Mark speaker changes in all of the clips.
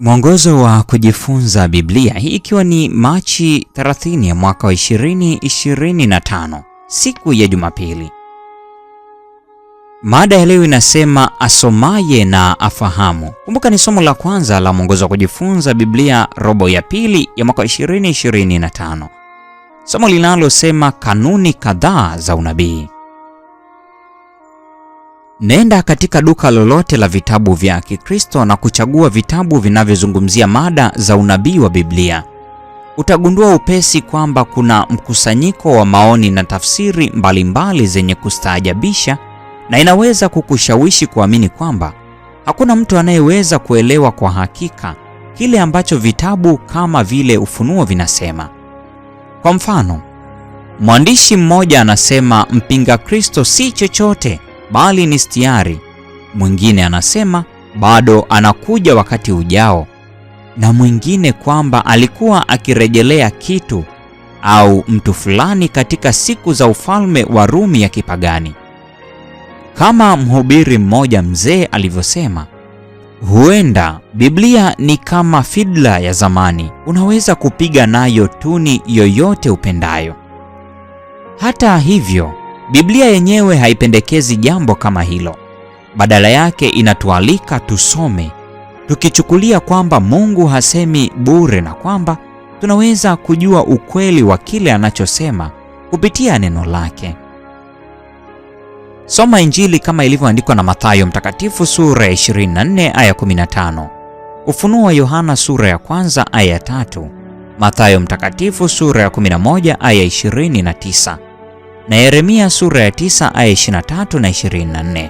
Speaker 1: Mwongozo wa kujifunza Biblia, hii ikiwa ni Machi 30 ya mwaka wa 2025, siku ya Jumapili. Mada ya leo inasema asomaye na afahamu. Kumbuka ni somo la kwanza la mwongozo wa kujifunza Biblia robo ya pili ya mwaka 2025, somo linalosema kanuni kadhaa za unabii. Nenda katika duka lolote la vitabu vya Kikristo na kuchagua vitabu vinavyozungumzia mada za unabii wa Biblia. Utagundua upesi kwamba kuna mkusanyiko wa maoni na tafsiri mbalimbali mbali zenye kustaajabisha na inaweza kukushawishi kuamini kwamba hakuna mtu anayeweza kuelewa kwa hakika kile ambacho vitabu kama vile Ufunuo vinasema. Kwa mfano, mwandishi mmoja anasema mpinga Kristo si chochote bali ni stiari. Mwingine anasema bado anakuja wakati ujao, na mwingine kwamba alikuwa akirejelea kitu au mtu fulani katika siku za ufalme wa Rumi ya kipagani. Kama mhubiri mmoja mzee alivyosema, huenda Biblia ni kama fidla ya zamani, unaweza kupiga nayo tuni yoyote upendayo. Hata hivyo Biblia yenyewe haipendekezi jambo kama hilo. Badala yake inatualika tusome, tukichukulia kwamba Mungu hasemi bure na kwamba tunaweza kujua ukweli wa kile anachosema kupitia neno lake. Soma Injili kama ilivyoandikwa na Mathayo Mtakatifu sura ya 24 aya 15, Ufunuo wa Yohana sura ya kwanza aya 3, Mathayo Mtakatifu sura ya 11 aya 29 na Yeremia sura ya 9 aya 23 na 24.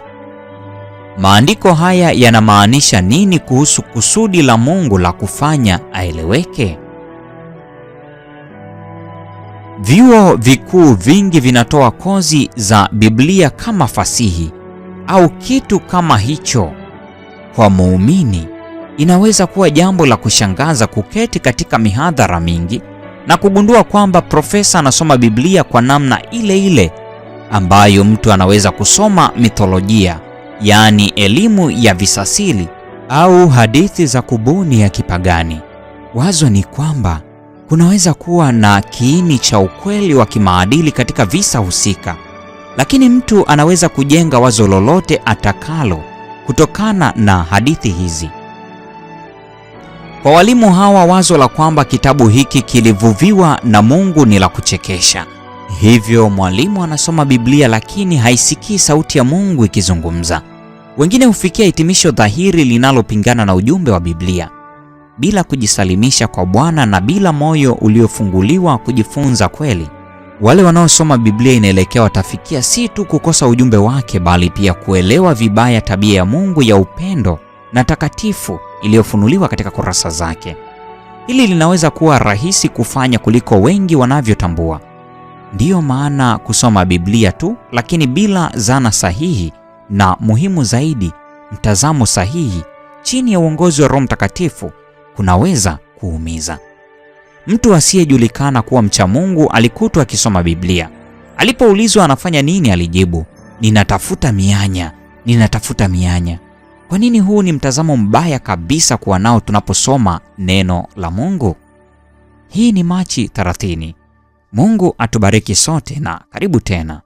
Speaker 1: Maandiko haya yanamaanisha nini kuhusu kusudi la Mungu la kufanya aeleweke? Vyuo vikuu vingi vinatoa kozi za Biblia kama fasihi au kitu kama hicho. Kwa muumini, inaweza kuwa jambo la kushangaza kuketi katika mihadhara mingi na kugundua kwamba profesa anasoma Biblia kwa namna ile ile ambayo mtu anaweza kusoma mitholojia, yaani elimu ya visasili au hadithi za kubuni ya kipagani. Wazo ni kwamba kunaweza kuwa na kiini cha ukweli wa kimaadili katika visa husika, lakini mtu anaweza kujenga wazo lolote atakalo kutokana na hadithi hizi. Kwa walimu hawa, wazo la kwamba kitabu hiki kilivuviwa na Mungu ni la kuchekesha. Hivyo mwalimu anasoma Biblia lakini haisikii sauti ya Mungu ikizungumza. Wengine hufikia hitimisho dhahiri linalopingana na ujumbe wa Biblia bila kujisalimisha kwa Bwana na bila moyo uliofunguliwa kujifunza kweli. Wale wanaosoma Biblia inaelekea watafikia si tu kukosa ujumbe wake, bali pia kuelewa vibaya tabia ya Mungu ya upendo na takatifu iliyofunuliwa katika kurasa zake. Hili linaweza kuwa rahisi kufanya kuliko wengi wanavyotambua. Ndiyo maana kusoma Biblia tu, lakini bila zana sahihi na muhimu zaidi, mtazamo sahihi chini ya uongozi wa Roho Mtakatifu kunaweza kuumiza. Mtu asiyejulikana kuwa mcha Mungu alikutwa akisoma Biblia. Alipoulizwa anafanya nini, alijibu, ninatafuta mianya, ninatafuta mianya. Kwa nini huu ni mtazamo mbaya kabisa kuwa nao tunaposoma neno la Mungu? Hii ni Machi 30. Mungu atubariki sote na karibu tena.